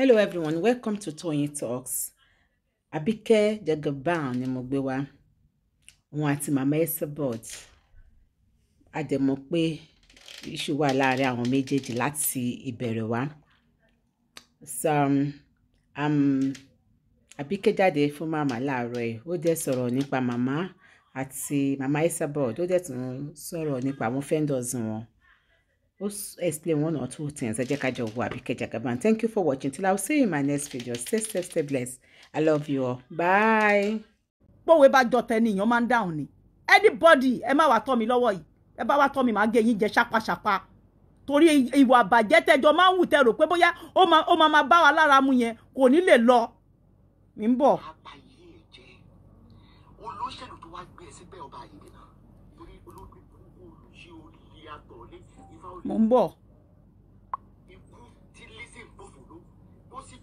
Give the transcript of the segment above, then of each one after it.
hello everyone welcome to Toyeen Talks Abike Jagaban ni mo gbé wá òun àti mama Esabod a dẹ̀ mọ̀ pé iṣu wà láàrin àwọn méjèèjì láti ìbẹ̀rẹ̀ wá so um, um Abike jáde fún màmá láàárọ̀ ẹ̀ ó dẹ̀ sọ̀rọ̀ nípa màmá àti mama Esabod ó dẹ̀ tún sọ̀rọ̀ nípa àwọn fẹ́ndọ̀sì wọn explain one or two things ẹ jẹ́ ká jọ wo Àbíkẹ́ Jagaban thank you for watching till i see you in my next video stay stay, stay blessed i love you all bye. Bo bá jọ tẹni èèyàn máa ń dáhùn ni anybody ẹ má wàá tọ́ mi lọ́wọ́ yìí ẹ bá wàá tọ́ mi màá gé yín jẹ ṣàpàṣàpà torí ìwà àbàjẹ́ tẹjọ máa ń wù tẹ rò pé bóyá ó wa lára mu yẹn kò ní lè lọ mi ń bọ̀. àbàyè ẹ̀jẹ̀ olóṣè mò ń bọ̀. ikú tí Lizzy ń gbòfò ló ń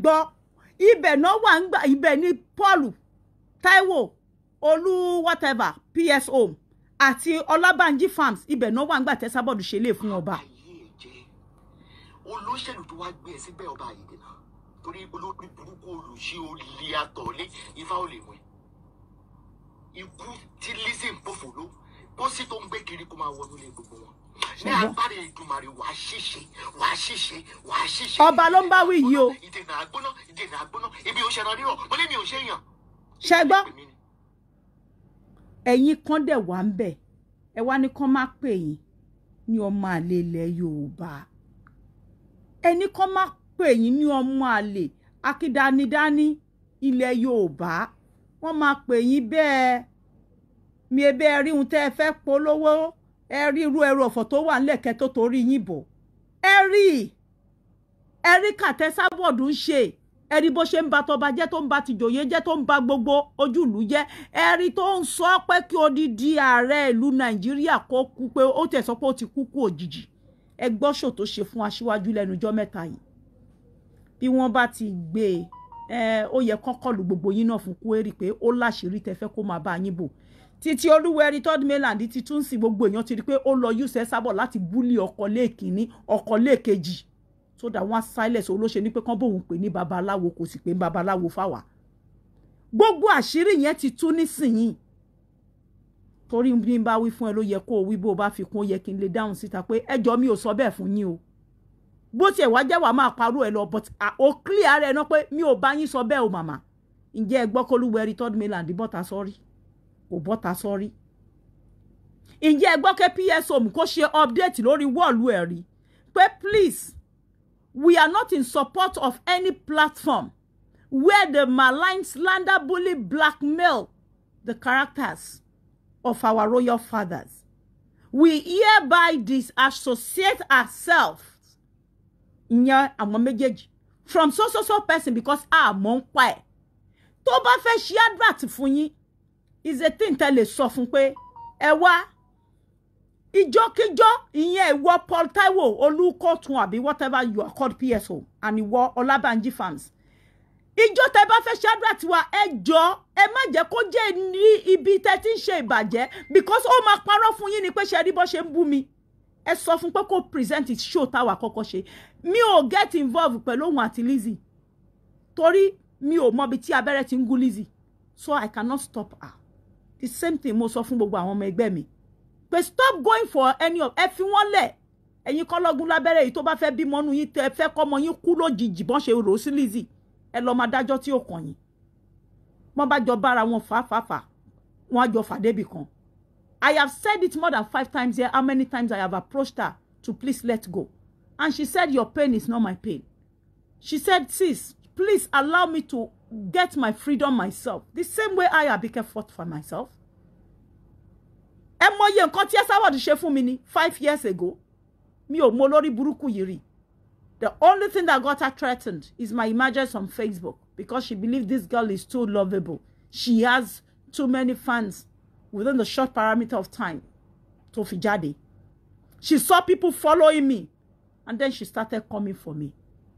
gbọ́ ibẹ̀ náà wà ń gbà ibẹ̀ ní Paul Taiwo Olú whatever pso Home àti Ọlábànjí Farms ibẹ̀ náà wà ń gbà tẹ́sábọ̀dù ṣe lè fún ọba olóṣèlú tó wá gbé ẹ sígbẹ́ ọba yìí torí olórí burúkú olùṣí olè àtọ̀lé ifá ò wẹ̀ ikú tí Lizzy ń pòfò ló pósí tó ń gbé kiri kó máa wọnú ilé gbogbo wọn ní agbára ìdùmarè wàá ṣìṣe wàá ṣìṣe wàá ṣìṣe. ọba ló ń bá wí yìí o. ìdènà àgbóná ìdènà àgbóná èmi ò ṣẹran rírọ mo lé mi ò ṣe yàn. ṣe gbọ́ ẹ̀yin kan dẹ̀ wá ń bẹ̀ ẹ wá ní kán má pè yín ní ọmọ àlè ilẹ̀ Yorùbá. ẹni kan má pè yín ní ọmọ àlè akídánidání ilẹ̀ yorùbá wọ́n máa pè yín bẹ́ẹ̀ mi ebe ẹ rí ohun tẹ́ ẹ fẹ́ polówó ẹ rí irú ẹrù ọ̀fọ̀ tó wà nílẹ̀kẹ́ tó torí yín bọ̀ ẹ rí ẹ rí kàtẹ́ sábọ̀dù ń ṣe ẹ rí bó ṣe ń ba tọba jẹ́ tó ń ba tìjòyè jẹ́ tó ń ba gbogbo ojúlù jẹ́ ẹ rí tó ń sọ pé kí di ààrẹ ìlú nàìjíríà kó kú pé ó tẹ̀ sọ pé ó ti kú kú òjijì ẹ gbọ́ ṣò tó ṣe fún aṣíwájú lẹ́nu ọjọ́ mẹ́ta yìí bí wọ́n bá ti gbé e ó yẹ kọ́kọ́ lu gbogbo yín náà fún kúérì pé ó láṣìírí tẹ́fẹ́ kó máa bá yín bò títí olúwẹ̀rí third mainland ti tún sí gbogbo èèyàn ti rí i pé ó lọ usa sábọ̀ láti búlì ọkọ̀ lẹ́ẹ̀kínní ọkọ̀ lẹ́ẹ̀kejì so that wọ́n silence olóṣè ní pé kán bóun pè ní babaláwo kò sì pé babaláwo fáwa gbogbo àṣírí yẹn ti tú nísìnyìí torí bí n bá wí fún ẹ ló yẹ kó o wí bó o bá fi kún ó yẹ kí n lè dáhùn síta pé ẹjọ́ mi ò sọ bẹ́ẹ̀ fún yín o bó tiẹ̀ wá jẹ́ wàá máa parọ́ ẹ lọ but ó clear ara ẹ náà pé mi ò bá yín sọ bẹ́ẹ̀ o màmá ǹjẹ́ ẹ gbọ́ kólúwẹ̀rí third mainland bọ́ta sọ́rí kò bọ́ta sọ́rí ǹjẹ́ ẹ gbọ́ pé psom kó ṣe update lórí wọ́ọ̀lù ẹ̀ rí pé please we are not in support of any platform where the malign slander bully blackmail the characters of our royal fathers. We hereby disassociate ourselves from so so so person because our mọ̀ ń pa ẹ̀ tó bá is a thing tell lè sọ fún Ewa, ẹ wá ìjọkíjọ ewa ìwọ Paul Taiwo Olúkọ̀tún àbí whatever you are called PSO and ìwọ Ọlábànjí fans ìjọ tẹ bá fẹ́ ṣàdúrà tiwa ẹ jọ ẹ má jẹ́ kó jẹ́ ní ibi tẹ ti ń ṣe ìbàjẹ́ because ó máa parọ́ fún yín ni pé ṣe rí bó ṣe ń bú mi ẹ sọ fún pé kó present it show táwa kọ́kọ́ ṣe mi ò get involved pẹ̀lú òun àti Lizzy torí mi ò mọbi tí abẹ́rẹ́ ti ń gún Lizzy so I cannot stop her the same thing mo sọ fún gbogbo àwọn ọmọ ẹgbẹ́ mi pé stop going for any of ẹ fi wọ́n lẹ̀ ẹ̀yin kọ́lọ́gún lábẹ́rẹ́ yìí tó bá fẹ́ bímọ nù yín tẹ fẹ́ kọ́mọ yín kú lójijì bọ́n ṣe rò sí Lizzy ẹ lọ́ọ́ máa dájọ́ tí ò kàn yín wọ́n bá jọ bára wọn fàáfàáfà wọ́n á jọ fàdébì kan I have said it more than five times here how many times I have approached her to please let go and she said your pain is not my pain she said sis please allow me to get my freedom myself the same way I Abike fought for myself ẹ mọyì nǹkan tí ẹ sáwọ́dù ṣe fún mi ní five years ago mi ò mọ olórí burúkú yìí rí The only thing that got her threatened is my images on Facebook because she believed this girl is too lovable. She has too many fans within the short parameter of time Tofi fi She saw people following me and then she started coming for me.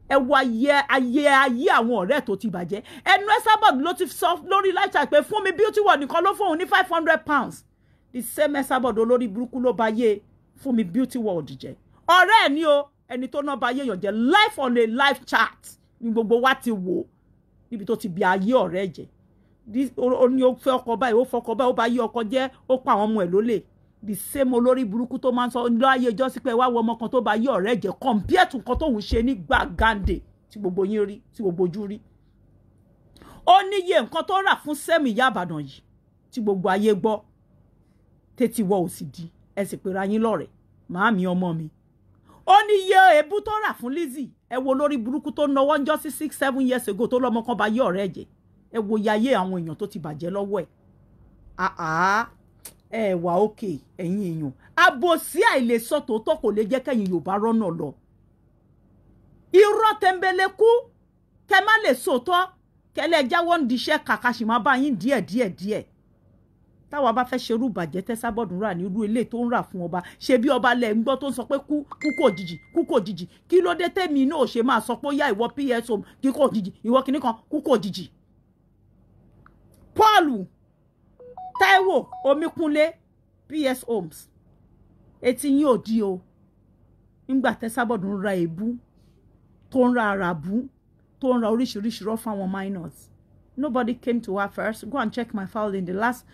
Ẹ ye ayé ayé ayé àwọn ọ̀rẹ́ tó ti baje. Ẹnu Esabod ló ti sọ lórí láìsàn pé fún mi beauty world nìkan ló fóun ní five hundred pounds. The same Esabod olórí burúkú ló bá yé fún mi beauty world dije. Ọ̀rẹ́ ẹ̀ ni o ẹni tó náà bá yéèyàn jẹ life on a life chart ni gbogbo wa ti wò níbi tó ti bí ayé ọ̀rẹ́ jẹ ó ní ó fẹ́ ọkọ báyìí ó fọkọ báyìí ó bá yí ọkọ jẹ́ ó pa àwọn ọmọ ẹ̀ lólè the same olórí burúkú tó máa ń sọ láàyè ìjọ sí pé wá wo ọmọ kan tó bá yí ọ̀rẹ́ jẹ compared to nǹkan tóun ṣe ní gbàgàǹdè tí gbogbo yín rí tí gbogbo ojú rí ó níye nǹkan tó rà fún sẹ́mi ìyá àbàdàn yìí tí gbogbo ayé gbọ́ tètè wọ òsì di ẹ sì pera yín lọ́rẹ̀ẹ́ màámi ọmọ mi ó ní iye èébú tó rà fún Lizzie ẹ wo lórí burúkú tó náwó ń jọ sí six seven years ago tó lọ́mọ kan bá yé ọ̀rẹ́ ẹ̀jẹ̀ ẹ wo yayé àwọn èèyàn tó ti bàjẹ́ lọ́wọ́ ẹ̀ ah, ah. ẹ wà òkè ẹ̀yin èèyàn àbòsí àìlèsọ tòótọ́ kò lè jẹ́ kẹ́yìn Yorùbá rọ́nà lọ irọ́ tẹ̀mbẹ̀lẹ̀kú kẹ má lè sòótọ́ kẹlẹ́ jáwọ́ ń diṣẹ́ kàkàṣì má bá yín díẹ̀ díẹ̀ díẹ̀ táwa bá fẹ́ ṣerú ìbàjẹ́ tẹ́sábọ́ọ̀dù ní irú ilé tó ń rà fún ọba ṣe bí ọba lẹ̀ ń gbọ́ tó ń sọ pé kú kú kò jìjì kú kò jìjì kí ló dé tẹ́mi náà ṣe máa sọ pé ó yá ìwọ pso kí kò jìjì ìwọ kìíní kan kú kò jìjì. Paul Taiwo Omíkúnlé ps homes etí yín ò di o ńgbà tẹ́sábọ́ọ̀dù ń ra èébú tó ń ra àràbù tó ń ra oríṣiríṣi rọ́ fáwọn minors nobody came to her first go and check my file in the last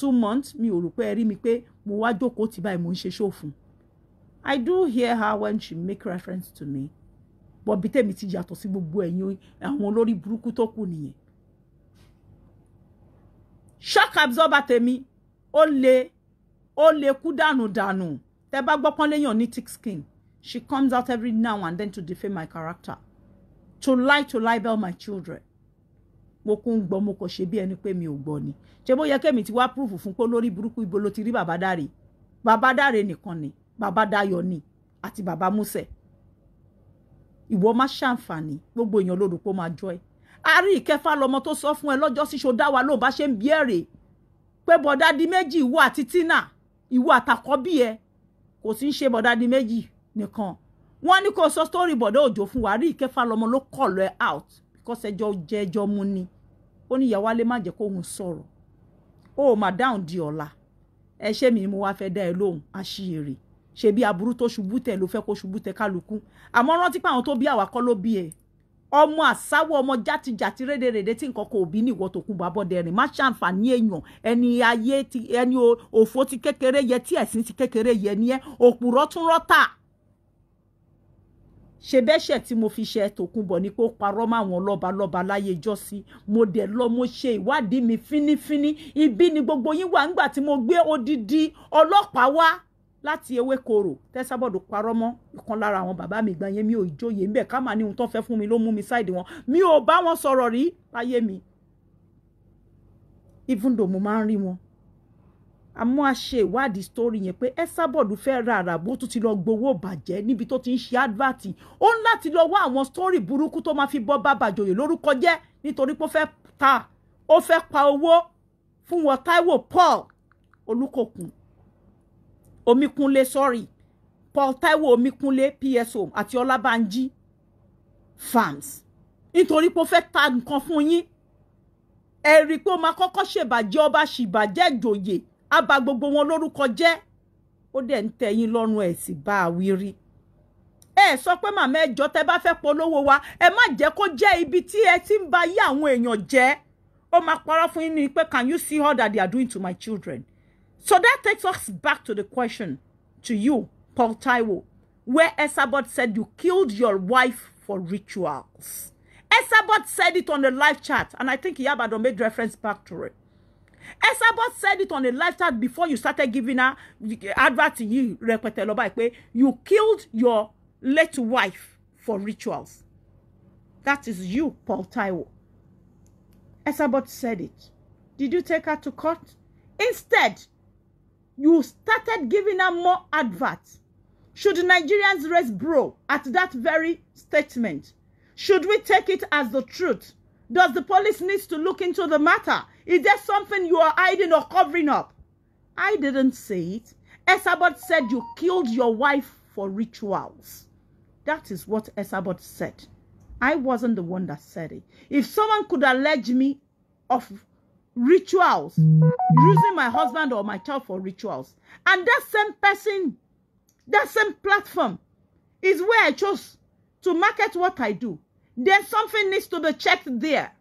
two months mi ò rò pé ẹ rí mi pé mo wá jókòó tì báyìí mo ń ṣe ṣòfun I do hear her when she make reference to me but bí tèmi ti yàtọ̀ sí gbogbo ẹ̀yin àwọn olórí burúkú tó kù nìyẹn shock absorber tèmi ó lè ó lè kú dànù dànù tẹ bá gbọ́ pọ́n ní thick skin she comes out every now and then to defame my character to lie to libel my children mo kún gbọ́ mo kàn ṣe bí ẹni pé mi ò gbọ́ ni ṣé bó yẹ kémi ti wá púrúfù fún pé lórí burúkú ibo ló ti rí bàbá dáre bàbá dáre nìkan ni bàbá dayọ̀ ni àti bàbá músẹ̀ ìwọ má ṣàǹfààní gbogbo èèyàn ló rò pé ó máa jọ ẹ àárí ìkẹfà lọmọ tó sọ fún ẹ lọ́jọ́ síṣo dáwà ló bá ṣe ń bí èrè pé bọ̀dádì méjì ìwọ àti tina ìwọ àtàkọ́bí ẹ kò sí ń ṣe bọ̀dádì méjì nìkan wọ́n ní kó sọ sítórì bọ̀dọ̀ òjò fún wa àárí ìkẹfà lọmọ ló kọ̀ lọ ẹ out because ẹjọ́ jẹ́ ẹjọ́ mú ni ó ní ìyá Wálé má jẹ́ kóhun sọ̀rọ̀ ó mà dáhùn di ọ̀la ẹ ṣé mi mo wá fẹ́ dá ẹ lóhùn àṣìyèrè ṣebí aburú tó ṣubú tẹ̀ ló fẹ́ kó ṣubú tẹ̀ kálukú àmọ́ rántí pé àwọn tó bí àwa kọ́ ló bí ẹ ọmọ àsáwọ̀ ọmọ játijàti rédèrèdè tí nǹkan kò bí níwọ̀ tó kún bàbọ̀dẹ rìn má ṣàǹfààní èèyàn ẹni ayé ẹni òfò ti kékeré yẹ tí ẹ̀sìn ti kékeré yẹ ni ẹ òpùrọ̀ tún rọ́tà ṣe bẹ́ṣẹ̀ tí mo fi ṣe Tòkunbọ̀ ni pé ó parọ́ máwọn lọ́ba lọ́ba láyé jọ́sí mo dẹ̀ lọ mo ṣe ìwádìí mi fínífíní ibi ni gbogbo yín wà ńgbà tí mo gbé odidi ọlọ́pàá wá láti ewékorò tẹ́sàbọ̀dù parọ́ mọ́ ìkan lára àwọn bàbá mi gbà yẹn mi ò jóye ńbẹ̀ ká mà ní ohun tó fẹ́ fún mi ló mú mi ṣáìdì wọn mi ò bá wọn sọ̀rọ̀ rí láyé mi even though mo máa ń rí wọn àmọ́ a ṣe ìwádìí story yẹn pé Esabod fẹ́ ra àràbò tó ti lọ gbowó bàjẹ́ níbi tó ti ń ṣe advert ó ń láti lọ wá àwọn story burúkú tó máa fi bọ́ bàbá àjòyè lórúkọ jẹ́ nítorí pé ó fẹ́ ta ó fẹ́ pa owó fún wọn Táíwò Paul Olúkòkun Omíkúnlé sorry Paul Táíwò Omíkúnlé PSO àti Ọlábànjí farms nítorí pé ó fẹ́ ta nǹkan fún yín ẹ̀rí pé ó máa kọ́kọ́ ṣèbàjẹ́ ọba ṣìbàjẹ́ ìjòyè á bà gbogbo wọn lórúkọ jẹ́ ó dẹ̀ ń tẹ́ yín lọ́rùn ẹ̀ sì bá a wí rí ẹ sọ pé màmá ẹjọ tẹ bá fẹ́ polówó wa ẹ má jẹ́ kó jẹ́ ibi tí ẹ ti ń ba yé àwọn èèyàn jẹ́ ó máa parọ́ fún yín ni pé can you see all that they are doing to my children so that takes us back to the question to you Paul Taiwo where Esabod said you killed your wife for rituals. Esabod said it on the live chat, and I think Iyabado made reference back to it. Esabot said it on a live chat before you started giving her advert you repete lo you killed your late wife for rituals. That is you, Paul Taiwo. Esabot said it. Did you take her to court? Instead, you started giving her more adverts. Should Nigerians raise bro at that very statement? Should we take it as the truth? Does the police need to look into the matter? Is there something you are hiding or covering up? I didn't say it. Esabot said you killed your wife for rituals. That is what Esabot said. I wasn't the one that said it. If someone could allege me of rituals, using my husband or my child for rituals, and that same person, that same platform is where I chose to market what I do, then something needs to be checked there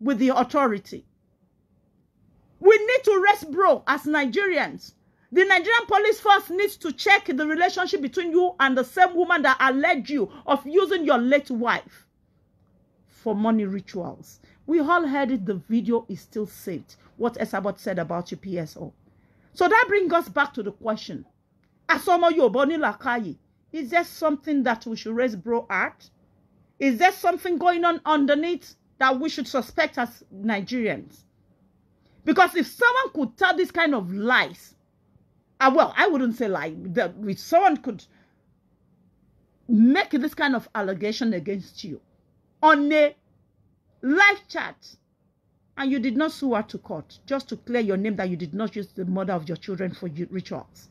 with the authority. We need to rest bro as Nigerians. The Nigerian police force needs to check the relationship between you and the same woman that alleged you of using your late wife for money rituals. We all heard it. The video is still saved. What Esabot said about you, PSO. So that brings us back to the question. Asomo Yoboni Lakayi, is there something that we should raise bro at? Is there something going on underneath that we should suspect as Nigerians? Because if someone could tell this kind of lies, uh, well, I wouldn't say lie, that if someone could make this kind of allegation against you on a live chat and you did not sue her to court just to clear your name that you did not use the mother of your children for rituals,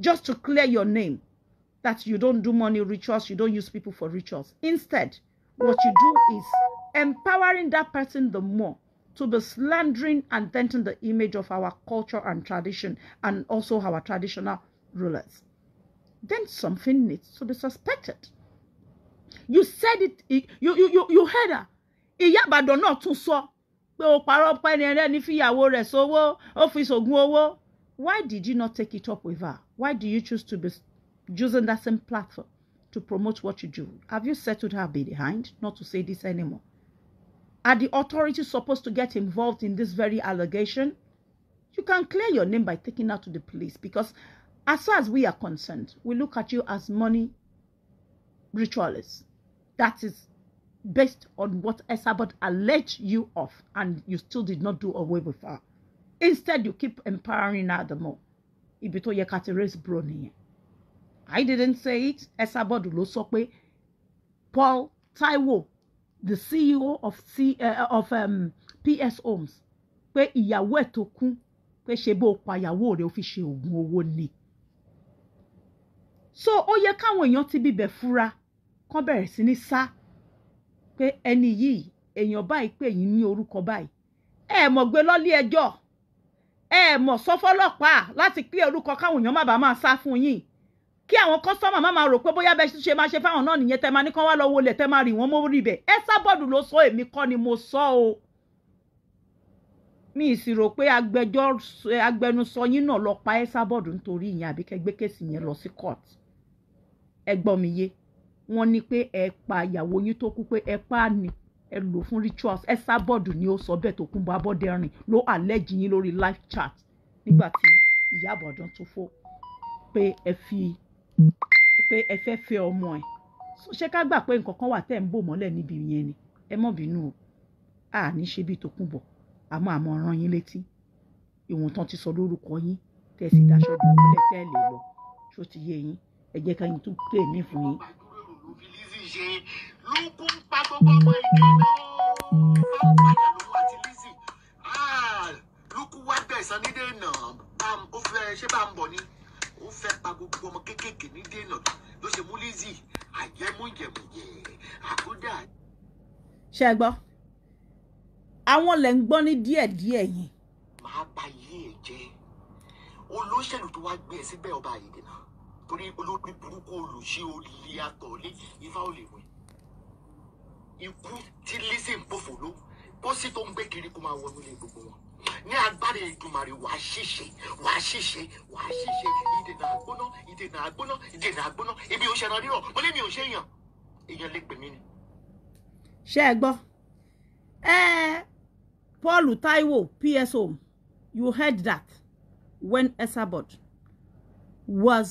just to clear your name that you don't do money rituals, you don't use people for rituals. Instead, what you do is empowering that person the more to be slandering and denting the image of our culture and tradition and also our traditional rulers, then something needs to be suspected. You said it, you, you, you, you heard her. Ìyá Ìbàdàn náà tún sọ pé ó parọ́ pẹ́ ni ẹlẹ́ni fìyàwó rẹ̀ sówó Why did you not take it up with her? Why do you choose to be using that same platform to promote what you do? Have you settled her behind not to say this anymore? Are the authorities supposed to get involved in this very allegation? You can clear your name by taking out to the police because as far as we are concerned, we look at you as money ritualists. That is based on what Esabot alleged you of and you still did not do away with her. Instead, you keep empowering her the more. Ibito Yekateres I didn't say it. Esabod ló Paul Taiwo the CEO of, C, uh, of um, PS Homes pé ìyàwó ẹ̀ tó kú pé ṣe bó pa ìyàwó rẹ̀ ó fi ṣe oògùn owó ni. so ó yẹ káwọn èèyàn ti bíbẹ̀ fura kán bẹ̀rẹ̀ sí ní sá pé ẹni yìí èèyàn báyìí pé èyí ní orúkọ báyìí ẹ mọ̀ gbé lọ́lé ẹjọ́ ẹ mọ̀ sọ fọlọ́pàá láti pé orúkọ káwọn èèyàn má bàa máa sá fún yín kí àwọn kọ́sọ́mà má máa rò pé bóyá bẹ́ẹ̀ ṣe máa ṣe fáwọn náà nìyẹn tẹ́ máa ní kán wá lọ wọlé tẹ́ máa rì wọ́n mórí bẹ̀ ẹ sábọ́ọ̀dù ló sọ èmi kọ́ ni mo sọ o mi sì rò pé agbẹnusọ yín náà lọ pa ẹ sábọ́ọ̀dù nítorí ìyẹn àbí kẹ́ gbé kéèsì yẹn lọ sí court ẹ gbọ́ mi yé wọ́n ní pé ẹ pa ìyàwó yín tó kú pé ẹ pa á ni ẹ lò fún rituals ẹ sábọ́ọ̀dù ni ó sọ bẹ́ẹ̀ tó kún bọ́ live chat nígbà tí Ìyá Ìbàdàn tó pé ẹ fi pé ẹ fẹ́ fẹ́ ọmọ ẹ̀ ṣé ká gbà pé nǹkan kan wà tẹ́ ń bò mọ́lẹ̀ níbi yẹn ni ẹ mọ̀ bínú o a ní ṣe bí Tòkunbọ̀ àmọ́ àmọ́ rán yín létí ìwọ̀n tán ti sọ lórúkọ yín tẹ́ sì dáṣọ dùnkúlẹ̀ tẹ́ lè lọ tó ti yé yín ẹ jẹ́ ká yín tún pè mí fún yín. Ah, lókun wá bẹ̀ sanidé náà ó fẹ́ ṣé bá ń bọ̀ ni ó fẹ́ pa gbogbo ọmọ kéékèèké ní dènà ló ṣe mú Lizzy àjẹmújẹmújẹ àkúdà. ṣe gbọ́ àwọn lè ń gbọ́ ní díẹ̀díẹ̀ yẹn. màá ba ilé ẹ jẹ́ olóṣèlú tó wá gbé ẹ síbẹ̀ ọba àyèdè torí olórí burúkú olùṣe olè àtọ̀lé ifá olè ikú tí Lizzy ń pòfò ló pósí tó ń gbé kiri kó máa wọnú ilé gbogbo wọn ní agbára ìdùmarè wà á ṣiṣẹ́ wà á ṣiṣẹ́ wà á ṣiṣẹ́ ìdènà àgbóná ìdènà àgbóná ìdènà àgbóná ebi ò rírọ̀ mo lé mi ò ṣe èèyàn èèyàn lè pè mí ni. ṣé ẹ gbọ́ ẹ Paul Taiwo PSO you heard that when Esabod was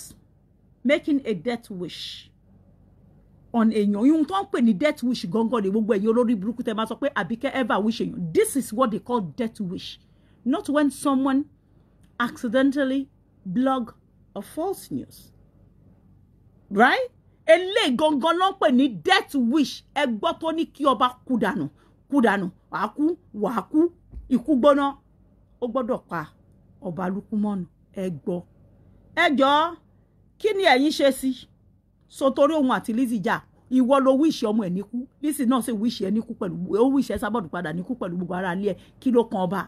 making a death wish on èèyàn ihun tó ń pè ní death wish gangan ni gbogbo ẹ̀yin olórí burúkú tẹ́ máa sọ pé àbíkẹ́ ever wish èèyàn this is what they call death wish not when someone accidentally blog a false news right eléyìí gangan ló ń pè ní death wish ẹ gbọ́ tó ní kí ọba kú dànù kú dànù wàá kú wàá kú ikú gbóná ó gbọ́dọ̀ pa ọba lukumọ́nù ẹ gbọ́ ẹ jọ kí ni ẹ̀yin ṣe sí i so torí òun àti Lizzy jà ìwọ ló wíṣì ọmọ ẹ̀ níkú Lizzy náà sì wíṣì ẹ̀ níkú pẹ̀lú ó wíṣì ẹ̀ padà níkú pẹ̀lú gbogbo ara ilé kí ló kan ọba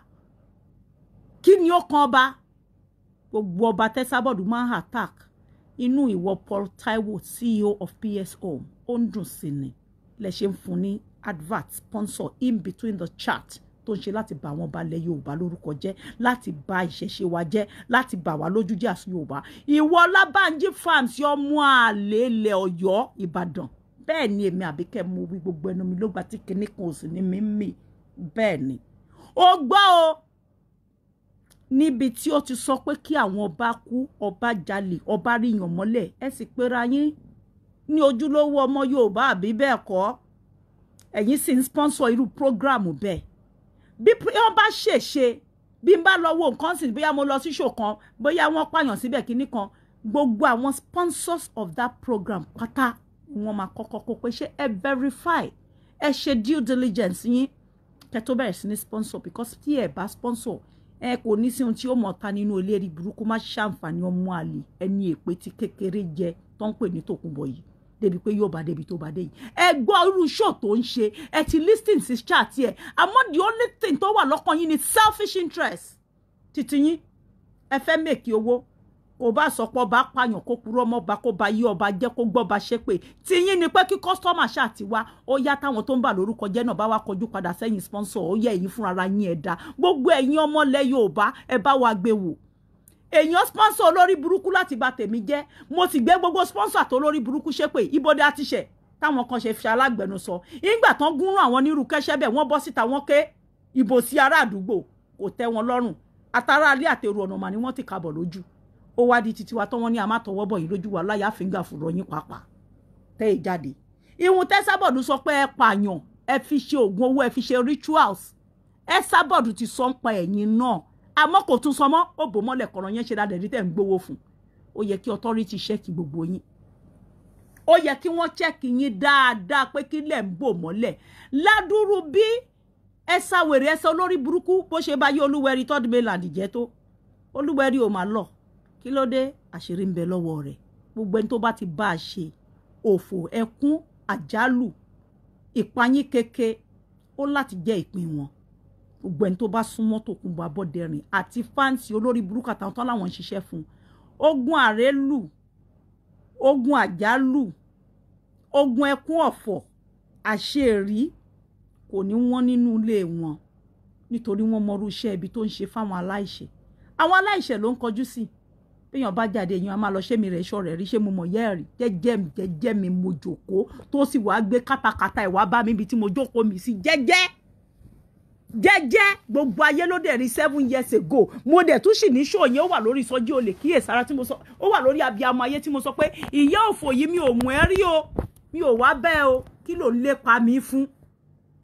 kí ni ó kan ọba gbogbo ọba tẹ́ sábọ̀dù máa ń attack inú ìwọ Paul Taiwo CEO of PSO Home ó ń dùn sí ni lẹ ṣe ń fún ní advert sponsor in between the chat tó ń ṣe láti bà wọ́n balẹ̀ Yorùbá lórúkọ jẹ́ láti bà ìṣẹ̀ṣe wa jẹ́ láti bà wá lójú jẹ́ àti Yorùbá ìwọ Ọlábánjí farms ọmọ àlè ilẹ̀ Ọ̀yọ́ Ìbàdàn bẹ́ẹ̀ ni èmi Àbíkẹ́ mo wí gbogbo ẹnu mi ló tí kinní kan sì ní mi mì bẹ́ẹ̀ ni ó gbọ́ o níbi tí ó ti sọ pé kí àwọn ọba kú ọba jalè ọba ríyàn mọ́lẹ̀ ẹ sì pera yín ní ojúlówó ọmọ Yorùbá àbí bẹ́ẹ̀ kọ́ ẹ̀yin sì ń sponsor irú prógráàmù bẹ́ẹ̀ bí wọ́n bá ṣèṣe bí n bá lọ wo nǹkan sìn bóyá mo lọ sí show kan bóyá wọ́n pààyàn síbẹ̀ kinní kan gbogbo àwọn sponsors of that program pátá wọ́n máa kọ́kọ́ kó pé ṣé ẹ verify ẹ ṣe due diligence yín kẹ́ tó bẹ̀rẹ̀ sí ní sponsor because tí ẹ bá sponsor ẹ kò ní sí ohun tí ó mọ̀ ta nínú ilé rí burúkú má ṣàǹfààní ọmọ àlè ẹni èpè tí kékeré jẹ tó ń pè ní tòkunbọ̀ yìí débi pé yóò bá débi tó bá dé yìí ẹ gbọ́ irú show tó ń ṣe ẹ ti listen sí chat yẹ àmọ́ the only thing tó wà lọ́kàn yín ni selfish interest títí yín ẹ fẹ́ mèkì owó kò bá sọ pé ọba pààyàn kó purọ́ mọ́ba kó ba yí ọba jẹ́ kó gbọ́ba ṣe pé tiyín ni pé kí kọ́sítọ́mà ṣàtiwá ó yá táwọn tó ń bà lórúkọ jẹ́ náà bá wá kọjú padà sẹ́yìn sponsor ó yẹ ẹ̀yin fúnra yín ẹ̀ dá gbogbo ẹ̀yin ọmọ ilẹ̀ Yorùbá ẹ bá wa gbé wò èèyàn sponsor olórí burúkú láti bà tèmi jẹ́ mo sì gbé gbogbo sponsor àtolórí burúkú ṣépè ibodè àtiṣẹ́ táwọn kan ṣe fi alágbẹnusọ ìgbà tán gúnrún àwọn onírú kẹ́ṣẹ́ bẹ́ẹ̀ wọ́n bọ́ síta wọ́n ké ìbò sí ará àdúgbò kò tẹ́ wọn lọ́rùn àtàrà alẹ́ àtẹrù ọ̀nà mà ni wọ́n ti kàbọ̀ lójú ó wá di titiwa tán wọ́n ní àmàtọwọ́ bọ̀ yìí lójú wa láyà fíńgà fúnra yín pàápàá tẹ́ ẹ jáde ìhun tẹ́ sábọ̀dù sọ pé ẹ pààyàn ẹ fi ṣe oògùn owó ẹ fi ṣe rituals ẹ sábọ̀dù ti sọ ń pa ẹ̀yìn náà àmọ́ kò tún sọmọ́ ó bò mọ́lẹ̀ kọ̀rọ̀ yẹn ṣe dáadẹ́ rí tẹ̀ ń gbowó fún ó yẹ kí authority ṣẹ́ẹ̀kì gbogbo yín ó yẹ kí wọ́n ṣẹ́ẹ̀kì yín dáadáa pé kí lẹ̀ ń bò mọ́lẹ̀ ládùúrú bí ẹ̀sà wèrè ẹ̀sà olórí burúkú bó ṣe bá yé olúwẹ̀rí tọ́dún bẹ́ẹ̀ làdìjẹ́ tó olúwẹ̀rí ò máa lọ kí ló dé àṣírí ń bẹ lọ́wọ́ rẹ̀ gbogbo ẹni tó bá ti bá a ṣe òfò ẹkún àjálù ìpayín keke ó láti jẹ́ ìpín wọn gbogbo ẹni tó bá súnmọ́ Tòkunbọ̀ Abọ́dẹrìn àti fáǹsì olórí burúkú àtàwọn tán láwọn ń ṣiṣẹ́ fún ogun àrélù ogun àjálù ogun ẹkún ọ̀fọ̀ àṣeèrí kò ní wọ́n nínú ilé wọn nítorí wọ́n mọrú iṣẹ́ ibi tó ń ṣe fáwọn aláìṣẹ àwọn aláìṣẹ ló ń kọjú sí téèyàn bá jáde èèyàn á máa lọ ṣémi rẹ̀ ṣọ́ rẹ̀ rí ṣé mo mọ̀ yẹ́ rí jẹ́jẹ́ mi jẹ́jẹ́ mi mo jòkó tó sì wàá gbé kátàkátà ẹ̀ wá bá mi ibi tí mo jókòó mi sí jẹ́jẹ́ jẹ́jẹ́ gbogbo ayé ló dẹ̀ rí seven years ago mo dẹ̀ tún sì ní ṣó yẹn ó wà lórí sọjí olè kíyèsára tí mo sọ ó wà lórí abiyamọ ayé tí mo sọ pé ìyá òfò yìí mi ò mú ẹ rí o mi ò wá bẹ́ẹ̀ o kí ló lépa mi fún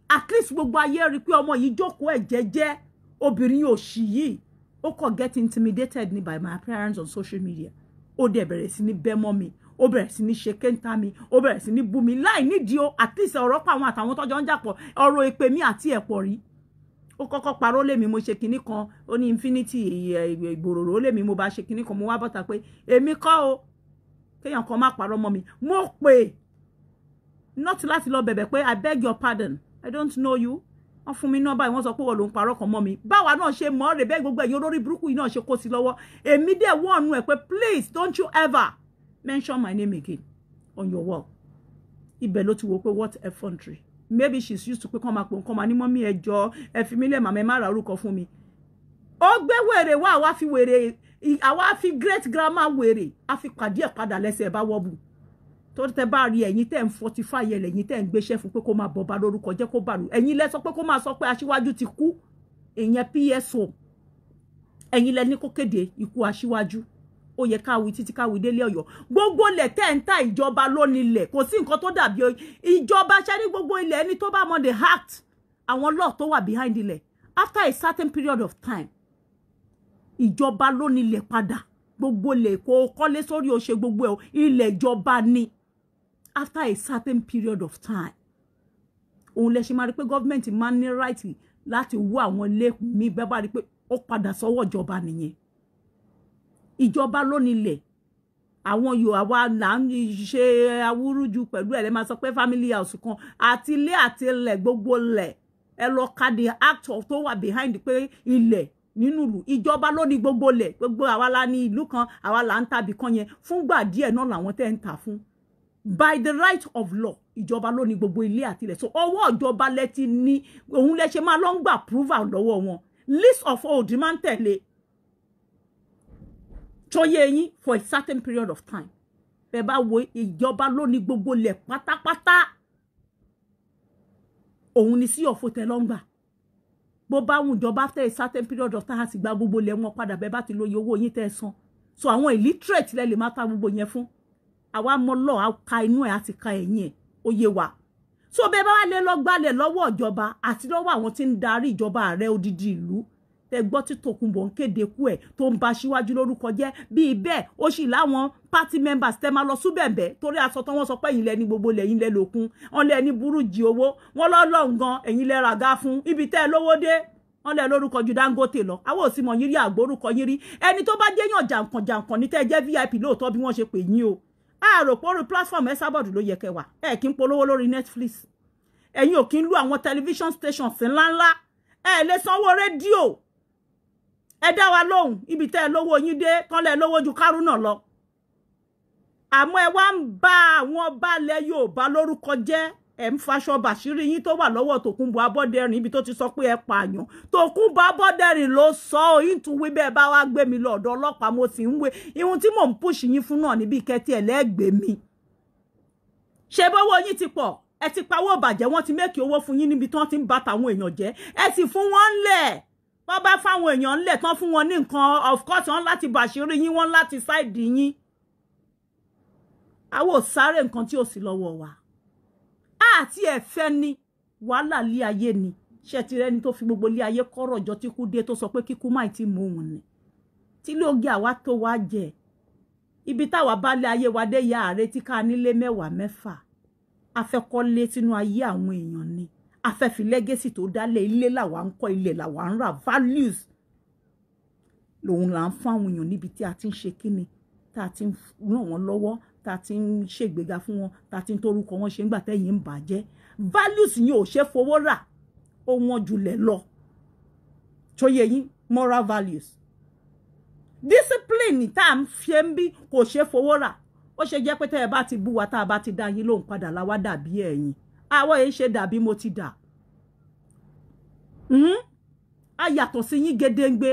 at least gbogbo ayé rí pé ọmọ yìí jókòó ẹ̀ jẹ́jẹ́ obìnrin òṣì yìí ó kàn get intimidated ni by my appearance on social media ó dẹ̀ bẹ̀rẹ̀ sí ní bẹ́ mọ́ mi ó bẹ̀rẹ̀ sí ní ṣe kéńtà mi ó bẹ̀rẹ̀ sí ní bú mi láì nídìí o at least ọ̀rọ̀ pa àwọn àtàwọn tọ́jọ́ ń jàpọ̀ ọ̀rọ̀ èpè mi àti ẹ̀pọ̀ rí ó kọ́kọ́ parọ́ lèmi mo ṣe kinní kan ó ní infinity eh, ìgbòròrò lèmi mo bá ṣe kinní kan mo wá bọ́ta pé èmi kọ́ o kéèyàn kan má parọ́ mọ́ mi mo pè not láti lọ bẹ̀bẹ̀ pé i beg your pardon i don't know you wọ́n fún mi nọ́mbà yìí wọ́n sọ pé wọ́n ló ń parọ́ kan mọ́ mi báwa náà ṣe mọ́ rèébẹ́ gbogbo ẹ̀yin olórí burúkú yìí náà ṣe kó sí lọ́wọ́ èmi dẹ̀ wọ́ọ̀nù ẹ̀ pé please don't you ever mention my name again on your wall ibẹ̀ ló ti wò pé what effrontery maybe she's used to pé kàn máa pò nǹkan máa ní mọ́mí ẹjọ́ ẹ fi mí lẹ̀ màmá ẹ má ra orúkọ fún mi ó gbé wèrè wá àwa fi wèrè àwa fi great grandma wèrè a fi pàdé ẹ̀ padà lẹ́sẹ̀ ẹ̀ bá wọ́bù tó tẹ bá rí ẹ̀yin tẹ́ ń fortify ẹ̀ lẹ́yìn tẹ́ ń gbéṣẹ́ fún pé kó máa bọba lórúkọ jẹ́ kó bàrù ẹ̀yin lẹ sọ pé kó máa sọ pé aṣíwájú ti kú ìyẹn pso ẹ̀yin lẹ ní kó kéde ikú aṣíwájú ó yẹ káwí títí káwí délé Ọ̀yọ́ gbogbo ilẹ̀ tẹ́ ń ta ìjọba lónìlẹ̀ kò sí nǹkan tó dàbí ìjọba ṣẹ́rí gbogbo ilẹ̀ ẹni tó bá mọ the act àwọn law tó wà behind ilẹ̀ after a certain period of time ìjọba lónìlẹ̀ padà gbogbo ilẹ̀ kò kọ́lé sórí o ṣe gbogbo ẹ̀ ilẹ̀ ìjọba ni after a certain period of time òun lẹ ṣe máa rí pé gọ́ọ̀mẹ̀ntì máa ń ní right láti wú àwọn ilé mi bẹ́ẹ̀ bá rí pé ó padà sọ́wọ́ ìjọba nìyẹn ìjọba ló nílẹ̀ àwọn yòó àwa là ń ṣe awúrúju pẹ̀lú ẹ̀ lẹ́ máa sọ pé family house kan àti ilé àti ilẹ̀ gbogbo lẹ̀ ẹ lọ ka the actor tó wà behind pé ilẹ̀ nínú ìlú ìjọba ló ní gbogbo lẹ̀ gbogbo àwa la ní ìlú kan àwa là ń tàbí kan yẹn fúngbà díẹ̀ náà làwọn tẹ́ ń tà fún by the right of law ìjọba ló ní gbogbo ilé àti ilẹ̀ so ọwọ́ ìjọba lẹ ti ní òun lẹ ṣe máa lọ ń gbà approval lọ́wọ́ wọn list of old máa ń tẹ̀lé ṣọyẹ yín for a certain period of time ẹ bá wo ìjọba lónìí gbogbo lẹ̀ pátápátá òun ni sí ọ̀fọ̀ tẹ́lọ́ngbà bó bá wùn jọba after a certain period of time àti gba gbogbo lẹ̀ wọn padà bẹ́ẹ̀ bá ti lóye owó yín tẹ́ ẹ san so àwọn illiterate lẹ́ lè má ta gbogbo yẹn fún àwa mọ lọ́ọ̀ á ka inú ẹ̀ àti ka ẹ̀yìn ẹ̀ ó yé wa so bẹ́ẹ̀ bá wà lé lọ́gbàlẹ̀ lọ́wọ́ ìjọba àti lọ́wọ́ àwọn tí ń darí ìjọba ààrẹ odidi ìlú tẹ gbọ́ tí Tòkunbọ̀ ń kéde kú ẹ̀ tó ń ba Aṣíwájú lórúkọ jẹ́ bíi bẹ́ẹ̀ ó sì láwọn party members tẹ máa lọ súbẹ̀bẹ̀ torí aṣọ tán wọ́n sọ pé ẹ̀yin lẹni gbogbo lẹ̀yin lẹ lòkun wọn lẹni burújí owó wọn lọ́lọ́ǹgan ẹ̀yin lẹ ràgá fún ibi tẹ́ ẹ lówó dé wọn lẹ lórúkọ ju Dangote lọ àwọn òsì mọ yín rí àgbórúkọ yín rí ẹni tó bá jẹyàn jàǹkàn jàǹkàn ní tẹ jẹ VIP lóòótọ́ bí wọn ṣe pè yín o àròpọ̀ platform ẹ sábọ̀dù ló yẹ kẹwàá ẹ kí n polówó lórí Netflix ẹ̀yin ò kí ń lu àwọn television stations ńláńlá ẹ lè sanwó rédíò ẹ dá wa lóhùn ibi tẹ́ ẹ lówó yín dé kán lówó ju kárúnà lọ àmọ́ ẹ wá ń bá àwọn baálẹ̀ Yorùbá lórúkọ jẹ́ ẹ ń faṣọ bàṣírí yín tó wà lọ́wọ́ Tòkunbọ̀ Abọ́dẹrìn ibi tó ti sọ pé ẹ pààyàn Tòkunbọ̀ Abọ́dẹrìn ló sọ ọ yín tún wí bẹ́ẹ̀ bá wá gbé mi lọ ọ̀dọ̀ ọlọ́pàá mo sì ń wé ihun tí mò ń pùṣì yín fún náà níbi kẹtí ẹ lẹ́gbẹ̀ẹ́ mi ṣe bówó yín ti pọ̀ ẹ ti pawó bàjẹ́ wọ́n ti mẹ́kì owó fún yín níbi tí wọ́n ti ń ba tàwọn èèyàn jẹ́ ẹ sì fún wọn lẹ̀ bọ́ bá fáwọn èèyàn ńlẹ̀ tán fún wọn ní nǹkan of course wọ́n láti bàṣírí yín wọ́n láti ṣáìdì yín àwọn ò sáré nǹkan tí ò sí lọ́wọ́ wa àti ẹ̀fẹ́ ni wàhálà lé ayé ni ṣe ti rẹ́ni tó fi gbogbo lé ayé kọ́rọ̀ jọ tí kú dé tó sọ pé kíkú máì tí mú òun ni tí lóògì àwa tó wá jẹ ibi táwa bá lé ayé wa dé ya ààrẹ tí ká nílé mẹ́wàá mẹ́fà afẹ́kọ́lé sínú ayé àwọn èèyàn ni afẹ́fi legacy tó dálẹ̀ ilé làwa ń kọ́ ilẹ̀ làwa ń rà values lòun là ń fún àwọn èèyàn níbi tí a ti ń ṣe kíni tá a ti ń ràn wọ́n lọ́wọ́ tá a ti ń ṣègbéga fún wọn tá a ti ń torúkọ wọn ṣe ń gbà tẹ́yìn ń bàjẹ́ values yìí ò ṣe fowó rà ó wọ́n jùlẹ̀ lọ tó yín moral values discipline tá à ń fi ń bí kò ṣe fowó rà ó ṣe jẹ́ pé tẹ́ ẹ bá ti bú wa tá a bá ti dá yín lóhùn padà láwá dàbí ẹ̀yin àwọn èyí ṣe dàbí mo ti dà hmm? a yàtọ̀ sí yín gedengbe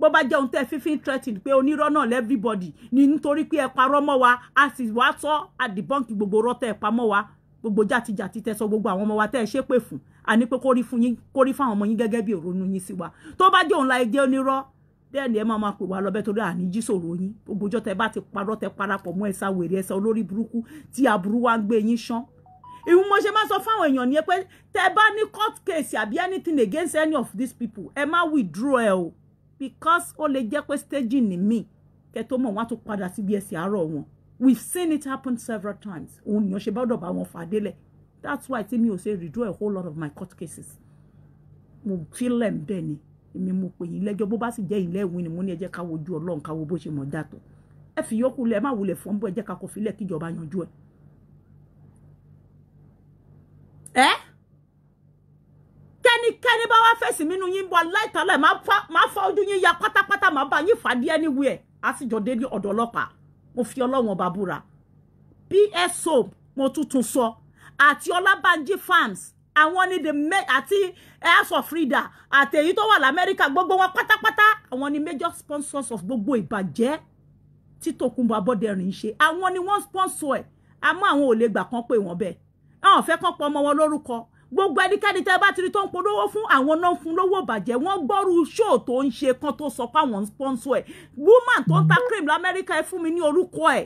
bó bá jẹ́ ohun tẹ́ fífi ń threaten pé onírọ́ náà lẹ́bíbọ̀dì ni nítorí pé ẹ parọ́ mọ́ wa a sì wá sọ àdìbọ́ǹkì gbogbo rọ́tẹ̀ ẹ pamọ́ wa gbogbo jàtijàti tẹ́ sọ gbogbo àwọn ọmọ wa tẹ́ ẹ ṣépè fún àní pé kórí fún yín kórí fún àwọn ọmọ yín gẹ́gẹ́ bí òrónú yín sí wa tó bá jẹ́ òun la ẹgbẹ́ onírọ́ bẹ́ẹ̀ ni ẹ máa máa pè wá lọ́bẹ̀ torí àní jí sòrò yín gbogbo ọjọ́ tẹ́ bá ti parọ́ tẹ́ parapọ̀ mọ́ ẹ̀sà wèrè ẹ̀sà olórí burúkú tí aburú wa ń gbé yín ṣán ìwọ mo ṣe máa sọ fáwọn èèyàn ni pé tẹ bá ní court case àbí anything against any of these people ẹ má withdraw ẹ o because ó lè jẹ́ pé staging ni mí kẹ tó mọ̀ wọ́n á tún padà síbi ẹsẹ̀ àárọ̀ wọn we've seen it happen several times òun nìyẹn ṣe bá bá wọn fà that's why tí mi ò ṣe withdraw a whole lot of my court cases mo fílẹ̀ ń bẹ̀ ni èmi mo pè yín lẹ́jọ́ bó bá sì jẹ́ ilé ìwé ni mo ní ẹ jẹ́ ká wojú ọlọ́run ká wo bó ṣe mọ̀ dàtọ̀ ẹ fi yókù lẹ ẹ má wulẹ̀ fọ́nbọ́ ẹ jẹ́ ká kò filẹ̀ kíjọba yanjú ẹ̀ Eh? ẹ́ kẹ́nikẹ́ni bá wá fèsì mí nu yín bọ́ láìtàlẹ̀ ma fa ojú yín ya pátápátá máa bá yín fàdí anywhere á sì jọ dé ní ọ̀dọ̀ ọlọ́pàá mo fi ọlọ́wọ̀n ọba pso mo tuntun sọ àti ọlábànjí farms I ni the àti house of reader àti èyí tó wà lamẹ́ríkà gbogbo wọn pátápátá àwọn ni major sponsors of gbogbo ìbàjẹ́ Tito Tòkunbọ̀ Abọ́dẹrìn ń ṣe àwọn ni wọ́n sponsor ẹ̀ àmọ́ àwọn ò lè gbà kán pé àwọn fẹ́ kàn pọ̀ ọmọ wọn lórúkọ gbogbo ẹnikẹ́ni tẹ́ bá ti rí tó ń polówó fún àwọn náà fún lówó bàjẹ́ wọ́n gbọ́rú ṣóò tó ń ṣe kan tó sọ pé àwọn ń sponsor ẹ̀ woman tó ń ta cream lamẹ́ríkà ẹ fún mi ní orúkọ ẹ̀